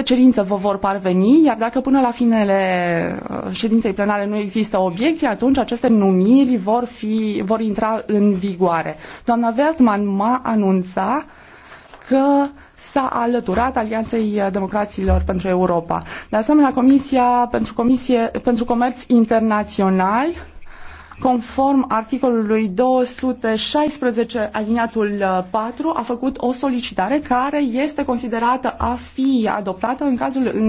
aceste cerințe vă vor parveni, iar dacă până la finele uh, ședinței plenare nu există obiecții, atunci aceste numiri vor, fi, vor intra în vigoare. Doamna Vertman m-a anunțat că s-a alăturat Alianței Democraților pentru Europa. De asemenea, Comisia pentru, Comisie, pentru Comerț Internațional conform articolului 216 aliniatul 4, uh, a făcut o solicitare care este considerată a fi adoptată în cazul în